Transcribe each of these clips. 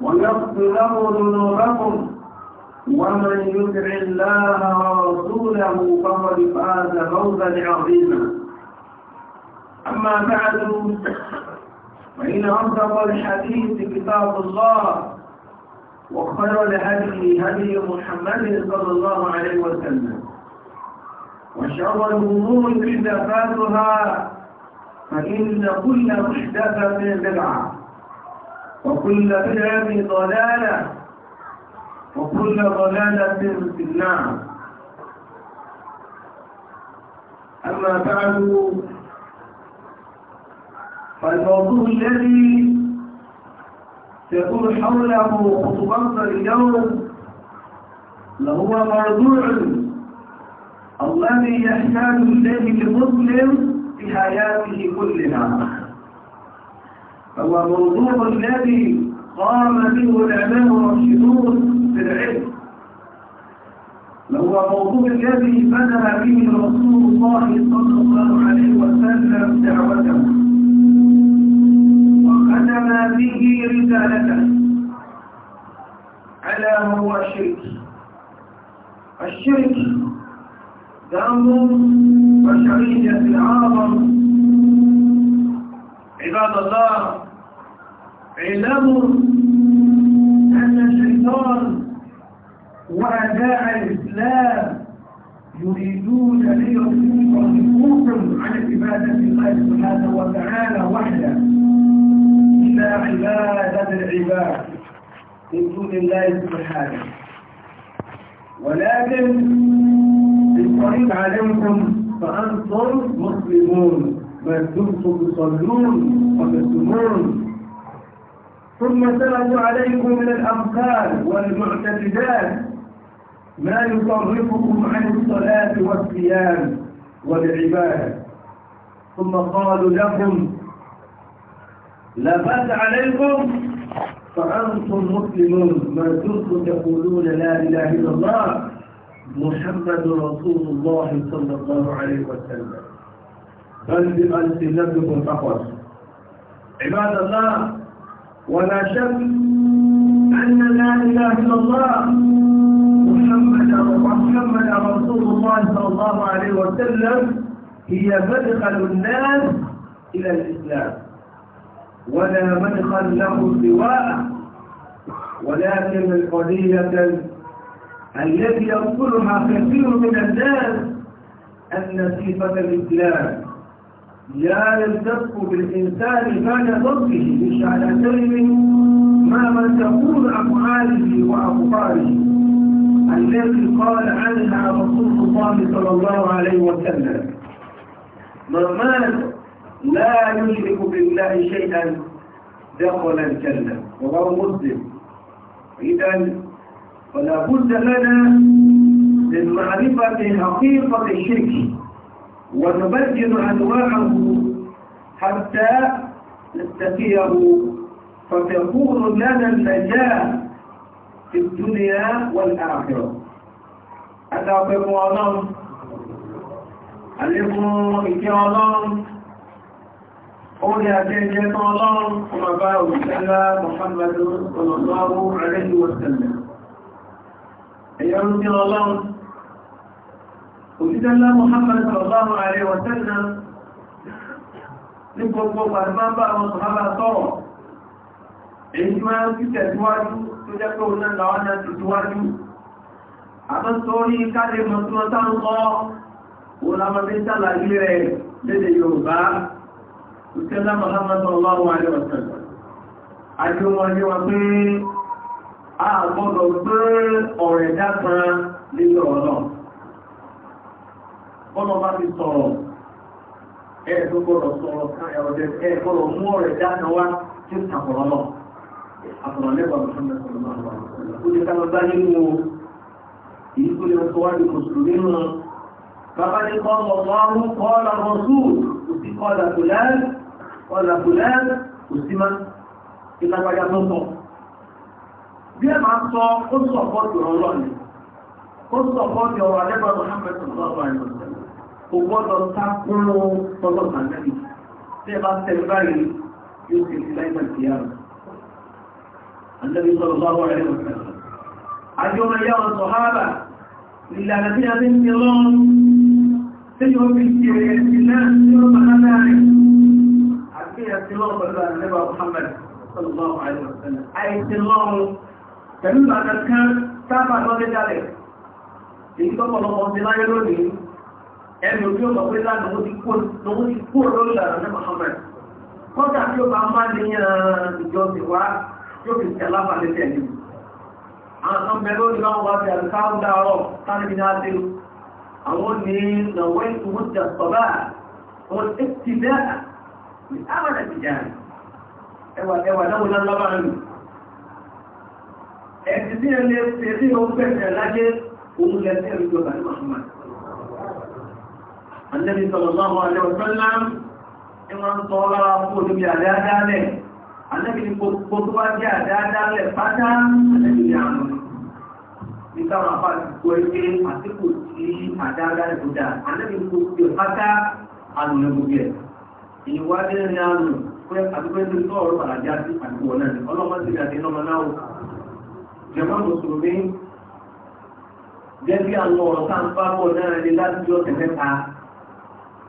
ويغفر له ذنوبكم ومن يطع الله ورسوله فقد فاز فوزا عظيما اما بعد فان اصدق الحديث كتاب الله وخير الهدي هدي محمد صلى الله عليه وسلم وشر الامور محدثاتها فان كل محدثه بدعه وكل بدعة ضلالة وكل ضلالة في النار أما بعد فالموضوع الذي سيكون حوله خطبات اليوم لهو موضوع الذي يحتاج إليه المسلم في حياته كلها هو موضوع الذي قام به العلماء الراشدون في العلم هو موضوع الذي بدأ به رسول الله صلى الله عليه وسلم دعوته وختم به رسالته ألا هو الشرك الشرك ذنب بشرية أعظم عباد الله اعلموا أن الشيطان وأداء الإسلام يريدون أن يصرفوكم عن عبادة الله سبحانه وتعالى وحده إلى عبادة العباد من دون الله سبحانه ولكن الطريق عليكم فأنتم مسلمون ما دمتم تصلون وتصومون ثم سرد عليكم من الأمثال والمعتقدات ما يصرفكم عن الصلاة والصيام والعبادة ثم قالوا لكم بأس عليكم فأنتم مسلمون ما دمتم تقولون لا إله إلا الله محمد رسول الله صلى الله عليه وسلم بل بألسنتكم فقط عباد الله ولا شك أن لا إله إلا الله محمد محمد رسول الله صلى الله عليه وسلم هي مدخل الناس إلى الإسلام ولا مدخل له سواءه ولكن القضية التي يقولها كثير من الناس أن صفة الإسلام لا يلتف بالإنسان بين مش على كلمه ما من تقول أفعاله وأفكاره التي قال عنها رسول الله صلى الله عليه وسلم من مات لا يشرك بالله شيئا دخل الجنة رواه مسلم إذا فلا بد لنا من معرفة حقيقة الشرك ونبين أنواعه حتى نتقيه فتكون لنا النجاة في الدنيا والآخرة أتعقب الله عليكم إكرام الله قولي أتعجب الله وما بارك الله محمد صلى الله عليه وسلم أيها الله òjíṣẹ́ ńlá Muhammad sallallahu alaihi wa sallam ní gbogbo pàdébábà àwọn sọ̀hábà sọ̀rọ̀ èyí tí wọ́n ti tẹ̀síwájú tó jẹ́ pé òun náà láwọn náà tẹ̀síwájú àtọ́sọ́rí káàdé mọ̀túnmọ́tá ń kọ́ òun lámọ́dé bọ́lọ̀ bá ti sọ̀rọ̀ ẹ̀ tó gbọ́dọ̀ sọ̀rọ̀ káyà ọ̀dẹ̀ ẹ̀ gbọ́dọ̀ mú ọ̀rẹ́ dáná wá tí ó sàkọ̀rọ̀ lọ. Àkọ̀rọ̀ lẹ́bàá Mùsùlùmí sọ̀rọ̀ máa wà. Ó ti ká lọ bá nínú o. Èyí tó lè sọ wájú Mùsùlùmí nù. Bàbá ní kọ́ ọmọ ọmọ kọ́ ọ̀la mọ̀sù. Kò sí kọ́ ọ̀la kùlẹ́. Ọ̀la kùlẹ́ kò sí má. Ìlàgbàjà tó Bí ẹ máa sọ, ó sọ̀pọ̀ tó rọ̀ lọ́ọ̀ni. Ó sọ̀pọ̀ tó ọ̀rọ̀ àlẹ́bàá Mùsùlùmí sọ̀rọ̀ máa kò gbọ́dọ̀ tákúrò tọ́lọ̀ ànábì tí ẹ bá tẹ̀lé báyìí yóò ti fi láìpẹ́ sí àrùn ànábì sọ̀rọ̀ bá wọ́n rẹ̀ lọ́sẹ̀ àjọ ọmọ ìyá wọn sọ̀hábà ìlànà tí a ti ń ní lọ́rùn tí yóò fi ṣe ẹ̀sìn náà tí ó bá náà rẹ̀ àti ẹ̀sìn lọ́rùn pẹ̀lú ànábà Muhammad sọ̀rọ̀ bá wọ́n rẹ̀ lọ́sẹ̀ àìsìn lọ́rùn pẹ̀lú àdàkán sábà lọ́dẹ́dálẹ̀ èyí tọ́pọ̀lọpọ̀ ti láyé lónìí ẹnu bí ó mọ̀ pé lánàá ó ti kú lórí ọ̀rọ̀ ní Muhammad kọ́jà tí ó bá máa ní ìjọ ti wá yóò fi tẹ̀ lábàlẹ̀ tẹ̀lé àwọn kan bẹ lórí láwọn wá sí àlùkáwù dáárọ̀ tánibí ní àti àwọn ní ìnáwó ìtumú ti àtọ̀bá wọn ti ti bẹ́ẹ̀ ní àwọn àtijọ́ ẹwà ẹwà dáwọn náà lọ́bàá nù ẹ̀sìn Ànábì sallallahu alaihi wasallam ní wọ́n ń sọ lára fún olóbi àdáadáalẹ̀ Ànábì ní gbogbo tó wá jẹ́ àdáadáalẹ̀ pátá Ànábì ní àrùn ní káwọn apá ti kó ẹgbẹ́ àtìkù sí àdáadáalẹ̀ tó dáa Ànábì ní gbogbo pátá àrùn ní gbogbo ẹ̀ ìwádìí ní àrùn pé àdúgbò ní sọ̀rọ̀ àjá àwọn ọ̀rọ̀ tá ń bá náà ni láti ọ̀sẹ̀ mẹ́ta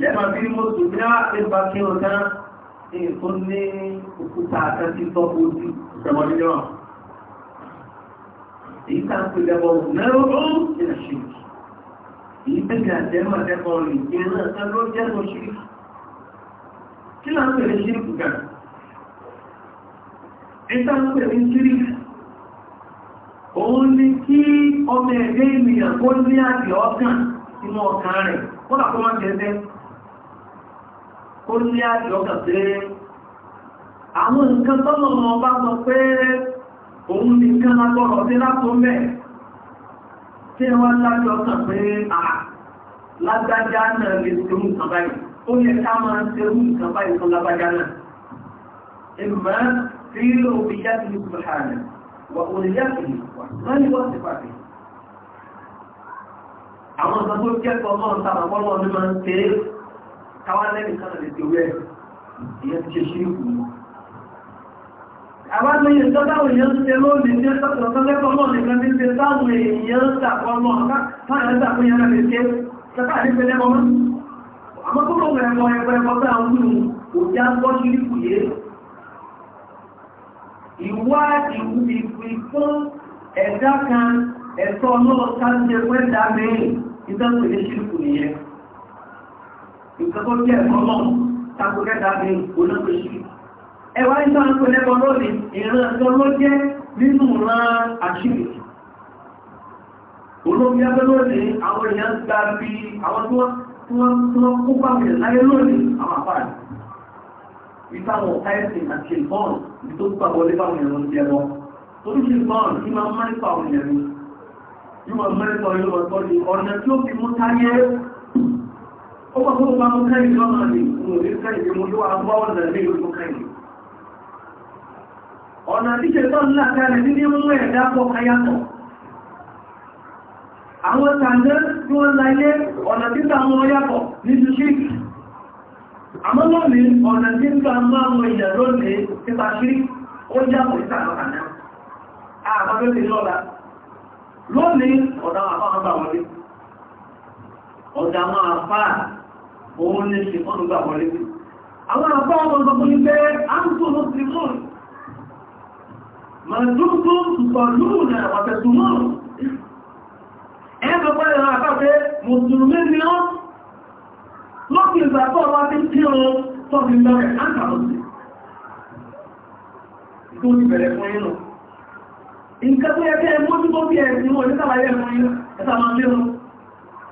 lẹ́màá bí mo sùn ní àpébà kí o dá èkó ní òkúta àtẹ́sí tọ́pọ̀ ojú ìṣẹ̀mọ̀lẹ́wọ̀n èyí tá ń pè lẹ́bọ̀ mẹ́rọ̀rún ìrìnàṣì èyí bẹ́ẹ̀ àjẹ́mọ̀ lẹ́bọ̀ rìn ìrìnà ẹ̀rọ jẹ́ lọ ṣírí kí là ń pè ní ṣírí kùgà èyí tá ń pè ní ṣírí òun ni kí ọmọ ẹ̀dẹ́ ènìyàn kó ní àjẹ́ ọkàn sínú ọkàn rẹ̀ kó ó ní àjọ́kà pé àwọn nǹkan tọ́lọ̀ wọn bá sọ pé òun nìkan lágbọ́rọ̀ sí látó mẹ́ tí wọ́n lájọ́kà pé à lágbájá náà lè tó nǹkan báyìí ó yẹ ká máa ń tẹ́rù nǹkan báyìí fún lágbájá náà ìmọ̀ àwọn ọ̀sán tó jẹ́ kọ́ mọ́ ọdún máa ń tẹ́rù káwá lẹ́yìn kan lè torí ẹ̀ ìyẹn ti ṣe ṣíríkù mọ́ àwọn èèyàn tó dáwọn èèyàn ń ṣe lóòdì tí ó sọ́tọ̀ lẹ́kọ̀ọ́ mọ́ nìkan ní ṣe táwọn èèyàn sàkọ́ mọ́ káàkiri ń sàkún yẹn lè ṣe sẹ́kà ní pẹ́lẹ́ mọ́ àmọ́ tó kọ́ ẹ̀kọ́ ẹ̀kọ́ ẹ̀kọ́ bá ń lù kò já gbọ́ ṣíríkù yé ìwá ìwúbi fún ẹ̀dá kan ẹ̀tọ́ náà ká ń ṣe pẹ́ dá mẹ́rin ìtọ́sọ̀ nǹkan tó jẹ́ ẹ̀kọ́ mọ́ tako kẹta ní onípèsè ẹwà ìjọ àpò lẹ́kọ̀ọ́ lónìí ìran tó ló jẹ́ nínú ran àṣírí olóbi abẹ́ lónìí àwọn èèyàn gba bí àwọn tí wọ́n kó pàmì láyé lónìí àwọn àpáàdì ìtàwọn ẹ̀sìn àti ìbọn tó gbà wọlé báwọn èèyàn ti kuma kuma ba mun kai zama ne mu ne kai ke mu zuwa ba wanda ne mu kai ọ̀nà tí ṣe tọ́ ńlá kẹrẹ ní ní mú ẹ̀dá pọ̀ káyàtọ̀ àwọn tàndẹ́ tí wọ́n láyé ọ̀nà tí tàmọ́ yàtọ̀ ní ti ṣíkì àmọ́ lónìí ọ̀nà tí ń tàmọ́ àwọn òun ní ṣe ọdún gbà wọlé pé àwọn àpá ọmọ ọmọ ní pé a ń tó lọ́sí mọ́ ma tó tó tùpọ̀ lúrù ní àpàtẹ̀tù mọ́ ẹgbẹ̀ pẹ́lẹ̀ àwọn àpàtẹ́ mùsùlùmí ni ó lọ́pì ìgbàtọ̀ wá sí kí o tọ́bí lọ́rẹ̀ áńkàlọ́sí tó ti bẹ̀rẹ̀ fún inú nǹkan tó yẹ kí ẹ mọ́ tí tó bí ẹ̀sìn wọn ní sàlàyé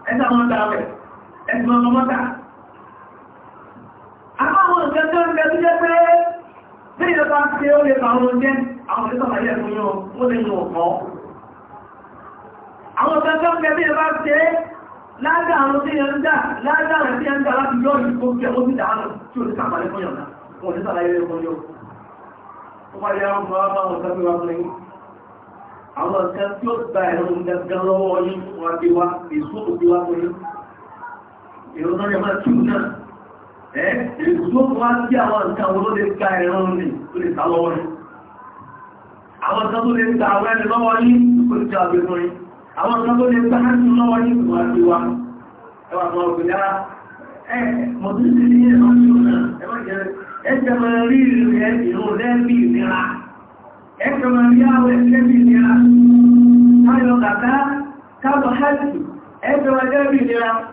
ẹ̀fún àwọn nǹkan tó ń bẹ tó jẹ́ pé bí ìjọba ń ṣe ó lè bá wọn jẹ́ àwọn ìjọba yẹ fún yóò ó lè yóò kọ́ àwọn nǹkan tó ń bẹ bí ìjọba ṣe láàrín àwọn tí yẹn ń dà láàrín àwọn tí yẹn ń dà láti yọ ìgbó jẹ ó ti dàánù tí ò ní sàpàlẹ̀ fún yọ̀nà Ìgbókùn wá sí àwọn nǹkan wo ló dị ka ẹran ní tó lè ta lọ́wọ́ ní.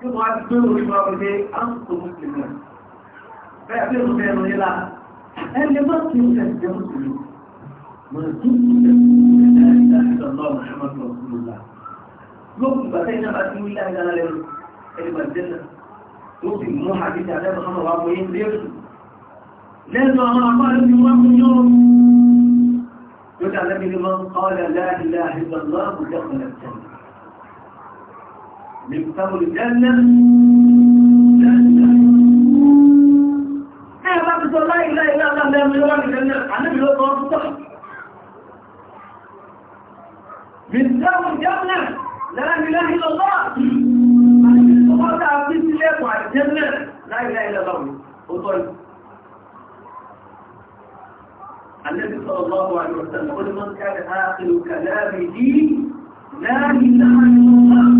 kí wọ́n á gbé orí wọn wọlé áńkò mùsùlùmí bẹ́ẹ̀ bí mo bẹ̀rù yìí la ẹni má kí n tẹ̀ jẹ́ mùsùlùmí mo ní tún kú tẹ̀ ẹ̀ ẹ̀ ìdájọ́ náà Muhammad rasulullah lókùn bàtẹ́ iná bá ti wí láyé lára lẹ́nu ẹni bá jẹ́ náà ó sì mú àdíjà lẹ́nu ọmọ wa wọ́n yé lẹ́rù lẹ́nu àwọn afárẹ́ ti wá fún yọ́rùn yóò dà lẹ́bi ni wọ́n kọ́ ọ́ lẹ́la ìlà ìlà ìlà ìlà ìlà ìlà من قول جهنم إيه، لا اله الا الله من يرى جهنم من لا اله الا الله طيب. النبي صلى الله عليه وسلم قل اخر كلامه لا اله الا الله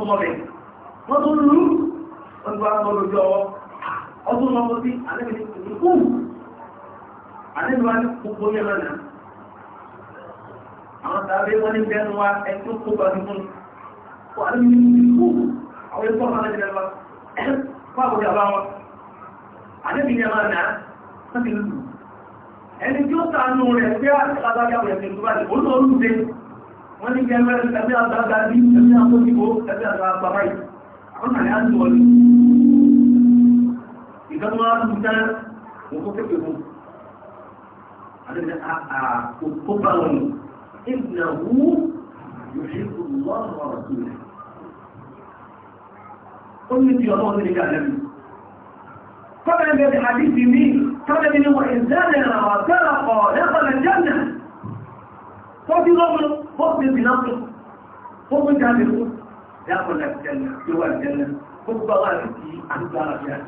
tó sọ́bẹ̀ wọ́n tó lú wọ́n tó wá sọ lójú ọwọ́ ọdún lọ́wọ́ sí alẹ́bìnrin kò kú alẹ́bìnrin gbogbo yẹn lọ́nà àwọn tàbí wọ́n ní bẹ́ẹ̀ wá ẹjọ́ kó bá ní fún kó alẹ́bìnrin kò kú àwọn ẹgbẹ́ ọmọ alẹ́bìnrin lọ fún àwọn ìyàwó wọn alẹ́bìnrin máa nà sọ́bì lù ẹni tí ó sàánú rẹ̀ pé àti alágbàwẹ̀ wọ́n ní gẹ́gẹ́ rẹ̀ tàbí àtàdà bí tàbí àtòsíkò tàbí àtàdà bàbá yìí àwọn àlẹ́ àti wọlé ìdánwò àtúntà wọ́n tó kéfèé mú àdínà àkókò bá wọn ìgbìnà wú yóò ṣe kò lọ́wọ́ ọ̀rọ̀ tó rẹ̀ ó ní ti ọlọ́wọ́ sí nígbà lẹ́nu kọ́lá ẹgbẹ́ ti hadithi mi kọ́lá ẹgbẹ́ ni wọ́n ìzẹ́rẹ̀ àwọn akẹ́rọ̀ ọ̀ lẹ́kọ̀ọ́ lẹ́jẹ́ náà tọ́jú lọ́mọ ko bi bi na ko ko ko ja de ko ya ko la janna yo wa janna ko ba wa ti an ta la ya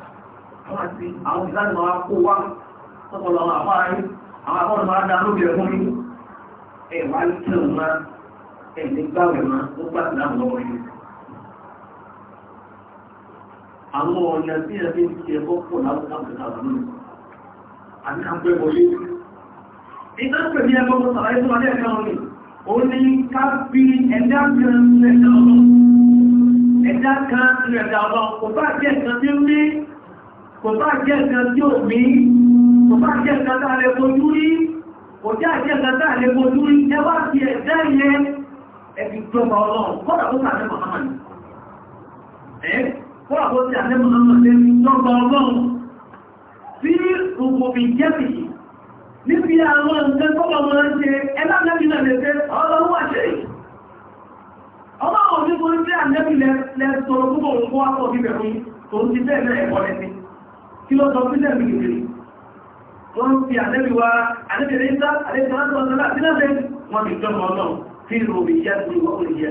ma ti àwọn zan ma ko wa ko ko la ma ma yi àwọn ko ma da lu bi ko mi e wa ti ma e ni ba we ma ko ba na mo yi àwọn ọ̀nà tí ẹ fi ń ṣe bọ́pọ̀ láwùjọ àpẹta lọ́nà àti àpẹbọlé ìtàkùn ní ẹgbẹ́ ọmọ sàlàyé tó wà ní ẹ̀kẹ́ ọ̀rìn ó ní ká bí ẹ̀dá kan rẹ̀dá ọlọ́run ẹ̀dá kan rẹ̀dá ọlọ́run kò bá jẹ́ kan tí ó ní kò bá jẹ́ kan tí ó mí kò bá jẹ́ kan tá lè fojú rí kò jẹ́ jẹ́ kan tá lè fojú rí ẹwà ti ẹ̀dá yẹ ẹ̀fì jọba ọlọ́run kọ́dà tó sàdé Muhammad ẹ̀ kọ́dà tó sàdé Muhammad lè fi jọba ọlọ́run sí gbogbo ìjẹ́bìí níbi àwọn ǹkan kọ́lọ̀ mọ́ ń ṣe ẹlànàbí náà lè fẹ́ ọlọ́wọ́ àṣẹ ọmọ àwọn onígbò ń fẹ́ ànẹ́bí lẹ́sọ̀rọ̀ púpọ̀ ń kọ́ àpọ̀ bíbẹ̀ fún tó ń ti bẹ́ẹ̀ náà ẹ̀kọ́ lẹ́sí kí ló sọ sílẹ̀ mi kìkìrì wọ́n fi ànẹ́bí wa ànẹ́bí rẹ̀ sá ànẹ́bí rẹ̀ sá àti náà fẹ́ wọ́n ti jọ mọ́ náà fi ròbì yá sí wọ́n kò yẹ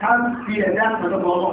ká fi ẹ̀dá àtàlọ́bọ̀ ọlọ́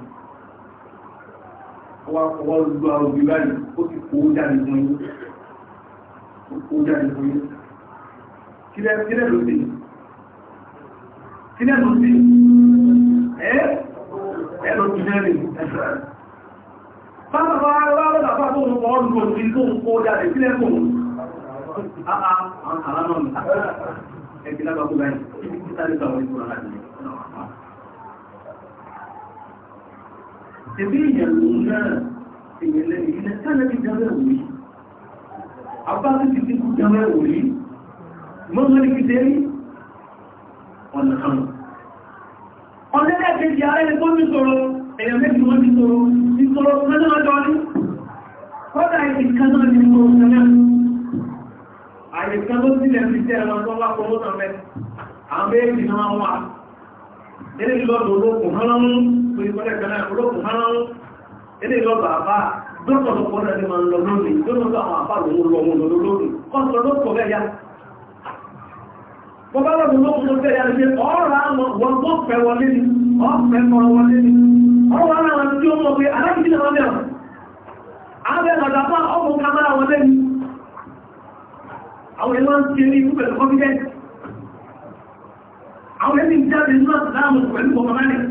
ọwọ́ ọwọ́ olú àwọn òbí báyìí ó ti kó jáde fún yín kó jáde fún yín kílẹ̀ kílẹ̀ ló sì kílẹ̀ ló sì ẹ́ ẹ́ ló ti mẹ́rin Báwọn ọmọ aláwọ̀ bàbá tó ń wọ́n lò sí tó ń kó jáde sílẹ̀ fún un. Àà àwọn àlámọ̀ mi. Ẹgbẹ́ lábàkú báyìí, títí sáré sọ̀rọ̀ ìtura láti. ẹbí ìyàwó náà èèyàn lẹ́nu ilẹ̀ tẹ́lẹ̀ bí jẹ́ mẹ́wò yìí abájú ti ti kú jẹ́ mẹ́wò yìí mọ́mọ́ ní fi dérí ọ̀nà kan ọ̀nẹ́lẹ́ kejì ara ẹni tó ní sọ̀rọ̀ èèyàn méjì wọ́n ti sọ̀rọ̀ ti sọ̀rọ̀ kanáà jọ ní kọ́dà ìdí kanáà ní sọ̀rọ̀ kanáà àyè kan ló sílẹ̀ fi jẹ́ ẹran tó bá kọ́ lọ́nà mẹ́ àwọn méjì náà wà nílẹ̀ lọ́dọ̀ olókùn pé mọ́lẹ̀ kan náà olókùn márùn-ún ilé ìlọ́gbà àbá dókòlòpọ̀ náà ni máa ń lọ lónìí dókòlòpọ̀ àwọn àbá lòun lọ wọn lọ lónìí kọ́ńtọ̀ lókòó bẹ́ẹ̀ yá bọ́bá lọ́dún lókùn tó bẹ́ẹ̀ yá ni pé ọ̀rọ̀ àwọn wọn tó fẹ́ wọlé ni ọ̀fẹ́ mọ́ wọlé ni ọ̀rọ̀ àwọn tí ó mọ̀ pé aláàbí náà wọ́n bẹ̀rẹ̀ àwọn bẹ̀rẹ̀ àdàpá ọkùn kamara wọlé ni ní àwọn ẹ̀mí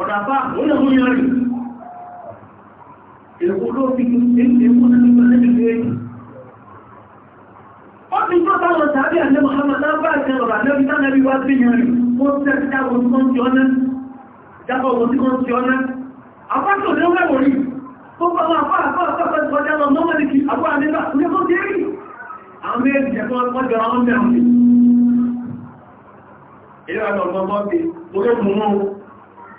ọ̀dàpá òun ẹ̀mú yọ rí èkó ló fi èkó náà ní pẹ̀lẹ́ ìlú èyí ó ti tó táwọn tàbí àjẹ́ Muhammad lábá àti ọ̀rọ̀ àjẹ́bí tánàbí wá sí yẹn rí ó ń tẹ́ jábọ̀ tí wọ́n ti ọ́nẹ́ jábọ̀ tí wọ́n ti ọ́nẹ́ apáṣọ ní ọwọ́ ìwòrí tó bá wọn apá apá apá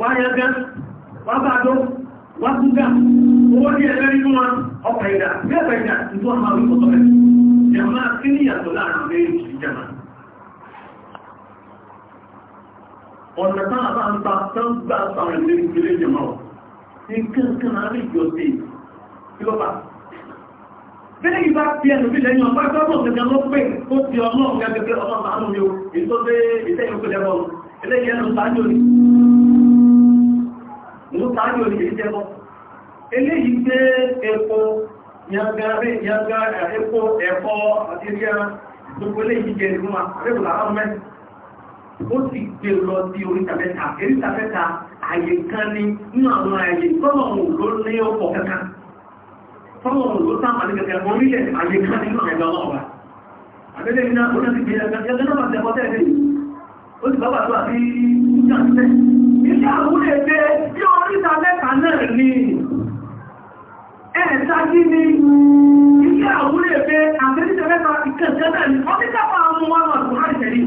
wáyẹ́gẹ́ wábàdó wákúgá owó ní ẹgbẹ́ nínú wọn ọkà ìdá mẹ́fẹ́ ìdá ìtọ́ àmà orí pọ̀tọ́ rẹ̀ jẹ̀mọ́ kí ní ìyàtọ̀ láàrin méjì ìjẹ̀mọ́ ọ̀nà táwọn bá ń ta tán gbá sáwọn ilé ìgbélé jẹ̀mọ́ ní kankan àárín ìjọ sí kílọ́pàá Bẹ́lẹ̀ ìbá ti ẹnu bí lẹ́yìn ọ̀pá ìgbọ́gbọ̀n ìlú tàbí òní èyí jẹ́bọ́ eléyìí gbé epo yanga epo ẹ̀kọ́ àdíríà gbogbo eléyìí jẹ́ ìgbìmọ̀ àrẹ́bùlà ahmed ó sì gbé lọ sí oríta mẹ́ta eríta mẹ́ta àyè kan ní nínú àwọn àyè tọ́lọ̀mù ló ní ọkọ̀ kankan tọ́lọ̀mù ló sáà ní kankan orílẹ̀ àyè kan nínú àyè ọlọ́ọ̀bà àbẹ́lẹ̀ iná orílẹ̀ ti gbé ẹgbẹ́ náà tẹ̀kọ́ tẹ̀lé ó sì bá bàtú àti ìjà ń tẹ̀ ilé àwọn ilé náà ní ẹ̀ẹ̀sájí ní ilé àwúrẹ́ ẹ̀fẹ́ àfẹ́lẹ́sẹ̀fẹ́ta ìkẹ̀ẹ̀kẹ́ta ní ọdíkàpá àwọn ọmọ àwọn àkùnrin àìsẹ̀rí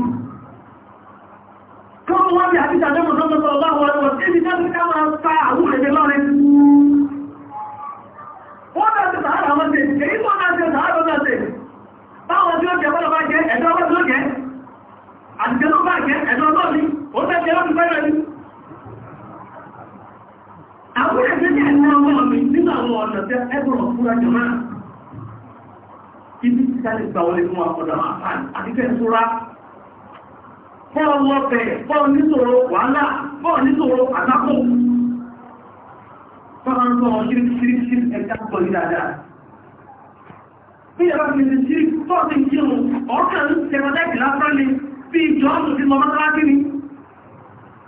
tó wọ́n bí àti ìjàdọ́mọ̀ tó mọ́ sọ ọlọ́wọ́ ọlọ́wọ́ tí ìjọ́ ti ká máa ń pa àwúrẹ́ ẹ̀fẹ́ lọ́rẹ́ wọ́n tàbí sàárà wọ́n tẹ̀ èyí tó náà tẹ̀ sàárà wọ́n tẹ̀ báwọn tí ó jẹ́ bọ́lọ̀ bá jẹ́ ẹ̀dọ́ ọlọ́ àwọn àjẹ́jẹ́ àná wọn mi nínú àwọn ọ̀nà tẹ́ ẹgbọ̀n fúra jọmọ́ ibi tí ká gbà wọlé fún ọ̀dọ̀ àti fẹ́ fúra fọ́ọ̀ lọ́pẹ̀ fọ́ọ̀ nítorò wàhálà fọ́ọ̀ nítorò àtàkùn fọ́ọ̀ ń sọ wọn ṣírí ṣírí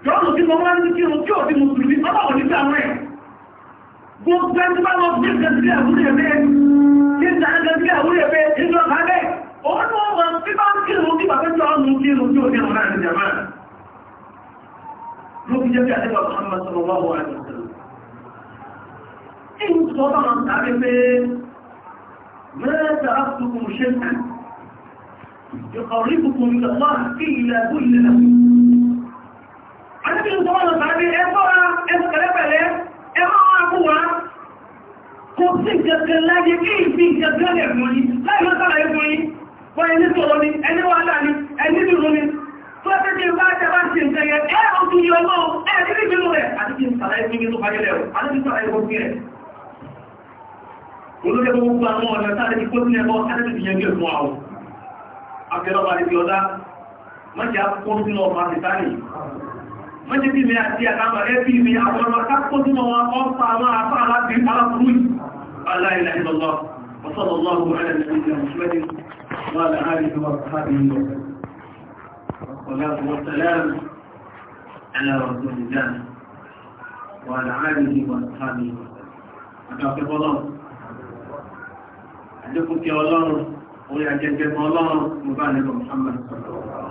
yọ́nù tí mo máa ń kí o tí ò bí mùsùlùmí ọlọ́wọ̀ nígbà rẹ̀ gbogbo ẹni bá lọ sí ìgbẹ̀sí àwúrí ẹ̀bẹ́ ní ìdájẹ́sí àwúrí ẹ̀bẹ́ nínú ọ̀pá bẹ́ òun náà wọ́n tí bá ń kí o tí bàbá jọ ọ̀nù kí o tí ò ní ọ̀rá ẹ̀rẹ̀ jàmá ló fi jẹ́ bí àdébà Muhammad sallallahu alaihi wasallam in sọ bá wọn tàbí pé mẹ́ta àkùkù ṣe kàn yọ̀kọ̀rí kùkù ìlọ́wọ́ sí ilẹ̀ àti ìlú sọ́wọ́n sàábí ẹgbọ́ra ẹsùkẹ̀lẹ́pẹ̀lẹ́ ẹmọ́ àkúwà kò sí ìjẹ̀kẹ̀ láyé kí ìfi ìjẹ̀kẹ̀ lẹ̀ fún yí láì lọ́sára ẹgbùn yí wọ́n ẹni tọ̀rọ ni ẹni wà láà ni ẹni dùn ni tó ẹgbẹ́ tí bá jẹ́ bá ti ń tẹ́yẹ ẹ́ òkú yọ lọ́wọ́ ẹ́ ti rí bínú rẹ̀ àti kí n sàlàyé fún mi tó fagẹ́ lẹ̀ àti kí n sàlàyé fún mi rẹ̀ olóde gbogbo àwọn ọ̀nà sáré ti kó sí ẹbọ sáré ti yẹn bí ẹ̀fún àwọn abẹ́rọ̀ bá ti fi ọ̀dá mọ́jà kó sínú ọ̀pá ti sáré wọ́n ti bí mi àti àtàwọn ẹ̀rẹ́ bí mi àwọn ọmọ akápọ̀túnmọ̀ wọn ọ́pàá àwọn afá aláàbí aláàbúrú aláìlà ìlọ́lọ́ وصلى الله على نبينا محمد وعلى آله وصحبه وسلم والصلاة والسلام على رسول الله وعلى آله وصحبه وسلم أكافر الله أدكم يا الله ويا جنب الله مبارك محمد صلى الله عليه وسلم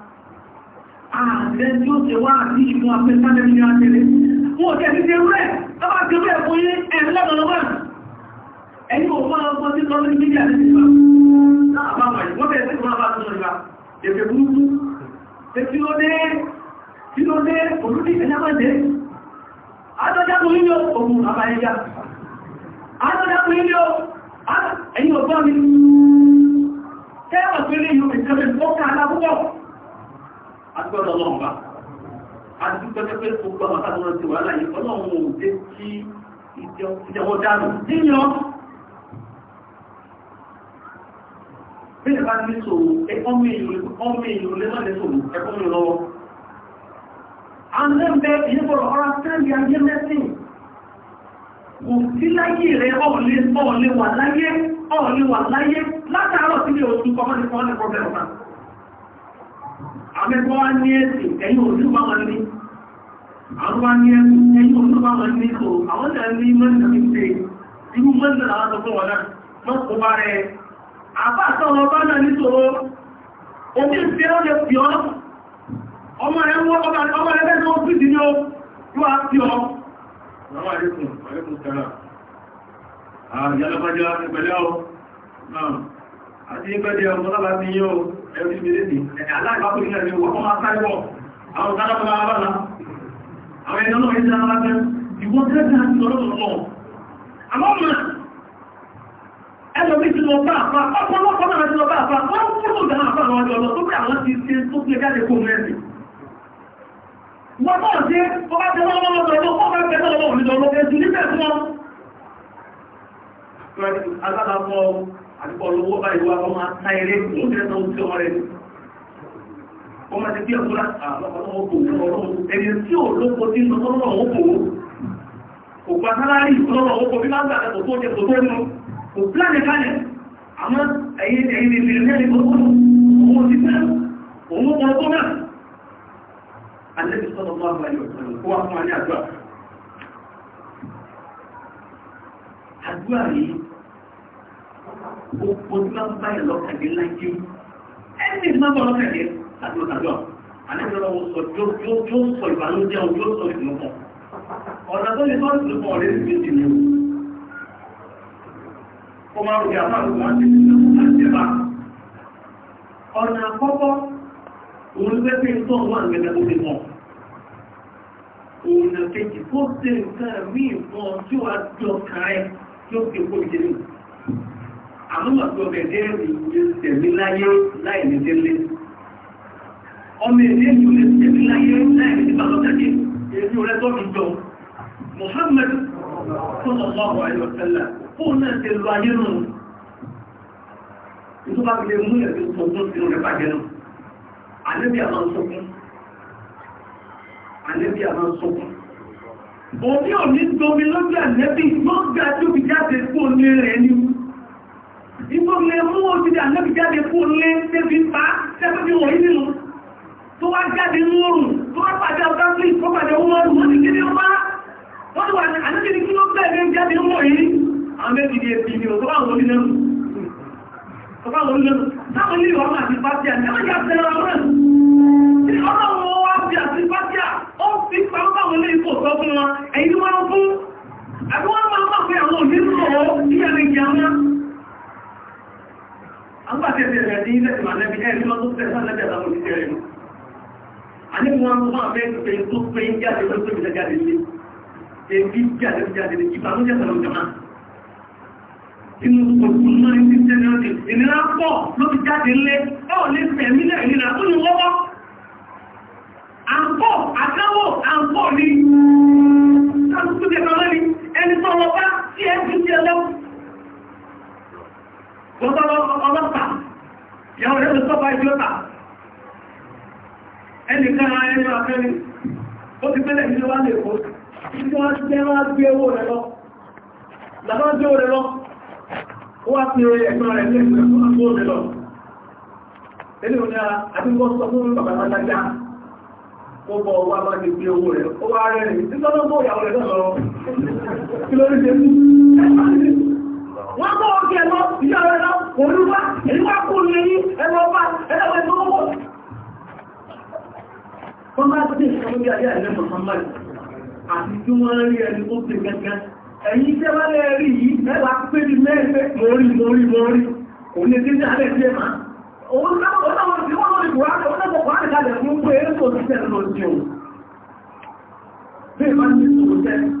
ààrẹ tí ó ṣe wá àti ìmọ̀ afẹ́sánẹ́ ní àtẹ́lẹ̀ wọ́n tẹ́ ti ṣe rẹ̀ tọ́bà ti rẹ̀ fún yí ẹ̀rẹ́ lọ́dọ̀lọ́wọ́ ẹni ò fọ́n ọkọ̀ sí lọ́wọ́ ní mídíà ní ìgbà náà bá wà ní wọ́n bẹ̀rẹ̀ sí ìgbà bá tún ìgbà èdè burúkú tẹ́ tí ó dé tí ó dé olúdí ẹ̀yàmọ́dé adọ́jáko ilé ogun àbáyẹyà adọ́jáko ilé ẹ̀yìn ọgbọ́n mi tẹ́wọ̀ pé lè yóò ìjọba ìfọ́kà alábúgbọ̀ agbọ́dọ̀ lọ́wọ́ bá àti pẹ́pẹ́pẹ́ ti wà láyé ọlọ́run ò dé kí ìjẹwọ́ dánù níyàn bí ìbá ní sòrò ẹkọ́ mi ìlú lẹ́mọ́ ní sòrò ẹkọ́ mi lọ́wọ́ àndẹ́bẹ̀ ìyẹ́bọ̀rọ̀ ọ̀rá tẹ́lì ayé mẹ́sìn kò sí láyé àbẹ́kọ́ àwọn wá ní ẹ̀sìn ẹ̀yìn òṣùpá wọn ní kò àwọn tẹ̀ ní mẹ́ta ní pé irú mẹ́ta àwọn tó fún wọn náà mọ́ kó bá rẹ̀ àbá àtọ́wọ́ bá náà nítoró omi ìfẹ́ ó lè fi ọ́ ọmọ rẹ̀ wọ́n ọmọ rẹ̀ bẹ́ẹ̀ ẹ̀rí mẹ́rẹ́ ní ẹ̀yà aláìbápẹ́ ilẹ̀ ni wọ́n máa sáré bọ̀ àwọn ìdájọ́pọ̀lá abára àwọn ẹ̀yà náà ìjẹ́ alábẹ́ ìwọ́n tẹ́lẹ̀ àti ọlọ́pọ̀lọ́ àmọ́ mọ̀ ẹlòmí ti lọ bá àpá ọ̀pọ̀lọpọ̀ náà ti lọ bá àpá wọ́n kúrò ìdáná àpá àwọn ọjọ́ ọ̀lọ́ tó pé àwọn ti ṣe tó pé jáde kó mẹ́rin wọ́n náà ṣe tó bá tẹ́lọ́ lọ́wọ́ lọ́wọ́ tó bá tẹ́lọ́ lọ́wọ́ lọ́wọ́ àtúkọ̀ báyìí wá ọmọ táyẹrẹ fún ìrẹsọ ojú ọmọ rẹ̀ àmọ́ ẹ̀yìn ẹ̀yìn ìfìlẹ̀ mẹ́rin gbogbo òun ti fẹ́ òun mọ́ ọkọ̀ náà alẹ́bí sọ́dọ̀ máa bá pẹ̀lú kó wá fún wa ní yìí gbogbo tí wọ́n bá yẹ lọ́kàdé láyé ẹni tí wọ́n bá lọ́kàdé láti lọ́kàdé àlẹ́gbẹ̀rẹ̀ wọn sọ tó sọ ìbànújẹ́ ojú sọ ìdùnnúkọ̀ ọ̀nà tó lè sọ ìdùnnúkọ̀ rẹ̀ ní ti ní o máa rò yàtọ̀ àwọn àti ìdùnnúkọ̀ àti ẹ̀bá ọ̀nà àkọ́kọ́ òun fẹ́ pé tó wà ní ẹgbẹ́ tó lè mọ̀ òun nà kejì tó ṣe nǹkan míì fún ọ tí wàá jọ kàá ẹ tí ó fi kó ìdílé àmúmọ̀ tó bẹ̀ dé tẹ̀mí láyé láì ní délé ọmọ èdè ní olè tẹ̀mí láyé láì ní bàlọ́tàdé èdè rẹ̀ tó fi jọ Muhammad sallallahu alaihi wasallam fóun náà ti lọ ayé nù tó bá gbé mú ẹ̀fẹ́ sọ́kún sínú rẹ̀ bàjẹ́ nù àlébí àwọn sọ́kún àlébí àwọn sọ́kún òní òní gbomi lọ́jọ́ àlébí lọ́gbà tó fi jáde fóun ní rẹ̀ ní ìgbò lè mú oṣù dà lẹ́bí jáde fún lé tẹ́bí ń pa tẹ́bí wọ̀nyí nínú tó wá jáde ní oòrùn tó wá pàdé ọ̀gá fún ìfọ́pàdé owó ọdún wọ́n ti dé ní ọba wọ́n ti wà ní àníkiri kí ló bẹ̀rẹ̀ jáde ń wọ̀nyí àwọn méjì di èpì ni ọ̀tọ́ àwọn olùlẹ́nu táwọn ilé ìwọ̀n àti pàtíà ní ọjà tẹ́lẹ̀ ọ̀rẹ́ tí ọlọ́run wá fi àti pàtíà ó fi pàápàá ilé ìfò sọ fún wọn ẹ̀yìn wọ́n fún àbúwọ́n máa àwọn òní an ba ta yi da yi da ma nabi ɗaya kuma duk da san nabi a zamu fitar yi a ne kuma mu ma bai bai duk bai ya da duk bai da gadi ne e bi ya da ya da ki ba mu ya salam jama in ko kun ma in tin da ne in na ko lo bi ja de le o le pe mi na ni na ko ni wo wo an ko akawo an ko ni ta su de ko ni en so wo ba ti e bi ti lo ọlọ́pàá ìyàwó rẹ̀ ló sọ́pàá ìjọta ẹnìkan ẹni àfẹ́ni ó ti pẹ́lẹ̀ ìjọ wá lè kó ìjọ wá ti tẹ́wà gbé owó rẹ̀ lọ làbá gbé owó rẹ̀ lọ ó wá ti rẹ̀ ẹ̀gbọ́n rẹ̀ lẹ́gbẹ̀ẹ́ fún àgbó rẹ̀ lọ ẹni òní ara àdúgbò sọ fún bàbá lágbàjá ó bọ̀ wá bá ti gbé owó wọ́n bọ́ ọ̀gẹ́ ẹ̀lọ ìyá ẹ̀lọ olúwa ìlúwà kú ní ẹ̀yìn ẹ̀lọ ọba ẹ̀lọ ẹ̀lọ ọwọ́ wọ́n bá tó dé ìṣẹ́lú ayé ẹ̀lẹ́ mọ̀sánmọ́lì àti tí wọ́n rí ẹni tó ti gẹ́gẹ́ ẹ̀yìn tẹ́ wá lẹ́ẹ̀rí yìí mẹ́wàá pé ní mẹ́ẹ̀fẹ́ mọ́rí mọ́rí mọ́rí kò ní kí ní alẹ́ tí ẹ máa òun náà wọ́n náà wọ́n ti wọ́n lórí buhari wọ́n náà buhari kalẹ̀ fún pé eré tó ti tẹ̀ lọ sí òun bí ìbá ti sọ̀rọ̀ tẹ́lẹ̀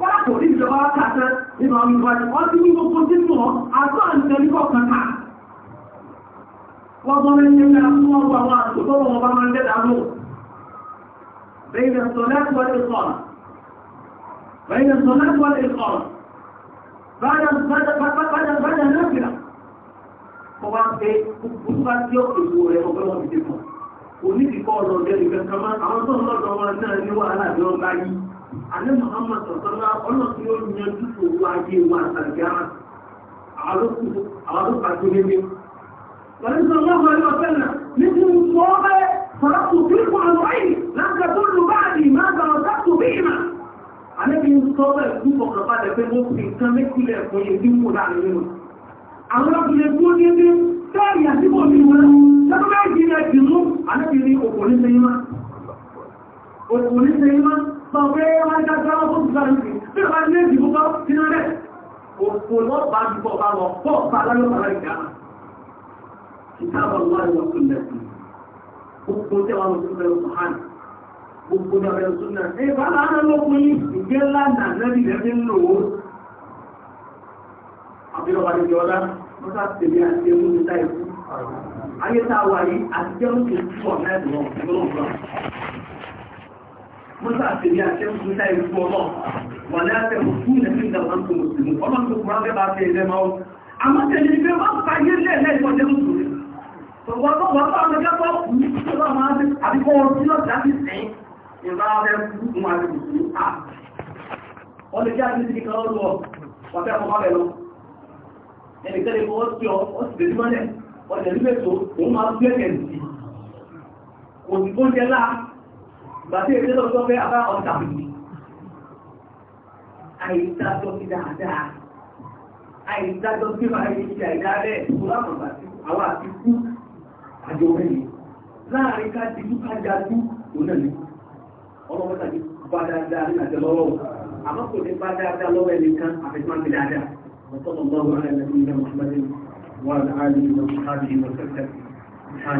wá kò ní ìjọba wá kàtẹ́ nínú àwọn ìwádìí wọ́n ti ní gbogbo tí mọ̀ àtọ́ àǹtẹ̀lú kọ̀ọ̀kan ká wọ́n gbọ́n ní ẹgbẹ́ fún wọn wà wọn àtò tó wọn bá máa ń dẹ́dà lò bẹ́yìn sọ lẹ́kọ̀ọ́ ìkọ̀ọ̀rọ̀ bẹ́yìn sọ lẹ́kọ̀ọ́ ìkọ̀ọ̀rọ̀ bájá lẹ́kìlá wọ́n wá pé gbogbo bá tí ó ìwò rẹ̀ ọgbẹ́ wọn ti dé mọ̀ onídìí kọ́ ọ̀rọ̀ ọ̀dẹ́ ìgbẹ́ kan máa àwọn tó ń lọ́dọ̀ wọn náà ní wàhálà bí wọ́n bá yìí àní Muhammad sọ̀tọ́lá ọ̀nà tí ó yan dúkò wá ayé wa àtàlùkẹ́ ara àlòkù àlòkù àti onílé. Pẹ̀lú ọlọ́run ẹ̀rọ fẹ́lẹ̀ nínú ìfọ̀ ọbẹ̀ sọ̀rọ̀ kò sí ìfọ̀ àlọ́ yìí láǹkà tó lù bá àdì máa gbà ọ̀tá tó bí ìmà. Àlébi ń sọ bẹ́ẹ̀ fún ọ̀kọ̀ọ̀balẹ̀ pé mo fi nǹkan méjìlẹ̀ fún yẹn tí mo láàrin nínú. Àwọn ọkùnrin tó ní bí bẹ́ẹ̀ yà sí bòmí wọn lọ́dún méjì rẹ̀ dì mú àlébi ní òkùnrin sẹ́yìn má. Òkùnrin sẹ́yìn má pàwẹ́ adágbára fún ìgbàlùkì tí ó bá ní èdè púpọ̀ sínú rẹ̀ òkú lọ́pàá jùpọ̀ bá lọ pọ̀ bá lọ́pàá ìgbà ìtàbà wà lọ sí ilẹ̀kùn gbogbo tí wọ́n tún bẹ̀rẹ̀ sọ hàn gbogbo tí wọ́n bẹ̀rẹ̀ sọ náà ẹ bá láàárọ̀ lókun yìí ìgbé ńlá nà lẹ́bi lẹ́bi ń lò ó àbílọ̀ wà lórí ọlá wọ́n sá tèmi àti ewu ní táyé ayé tá a wà yìí àti jẹ́rù kìí fún ọ̀nà ẹ̀dùn náà mọ́sá àtẹ̀mí àtẹ́kù níta ìrúkú ọmọ wà ní àtẹ́kù fún ẹ̀sìn ìdàgbà tó mùsùlùmí ọmọ tó kúrò bẹ́ẹ̀ bá tẹ̀ ẹ̀rẹ́ máa ó àmọ́ tẹ̀lé ìgbé wọ́n fà yé lẹ́ẹ̀lẹ́ ìfọ̀jẹ́ mùsùlùmí tọ̀wọ́ tó wọ́n fà ọmọ kẹ́kọ̀ọ́ kú tó bá máa ń àbíkọ́ ọdún lọ́jà ti sìn ìrọ̀ abẹ́ kú fún àti mùsùlùmí à ọlẹ́ jẹ́ àti ti kan lọ wà fẹ́ ọmọ bẹ̀ lọ ẹnìkan ìfọwọ́ sí ọ ọ sì tẹ̀lé mọ́lẹ̀ ọ̀dẹ̀ nígbètò òun máa ń gbé kẹ̀ bàtí èdè lọ sọ pé àbá ọ̀tà bìbì àìdájọ́ sí dáadáa àìdájọ́ sí máa yẹ ṣe àìdáadẹ́ ìfúnlámọ̀gbà sí àwọn àti kú àjọ mẹ́rin láàrin ká ti kú kájá kú lónà ní ọlọ́mọ́ta ti bá dáadáa ní àjọ lọ́wọ́ àmọ́ kò ní bá dáadáa lọ́wọ́ ẹni kan àfẹ́sọ́n ti dáadáa وصلى الله على نبينا محمد وعلى اله وصحبه وسلم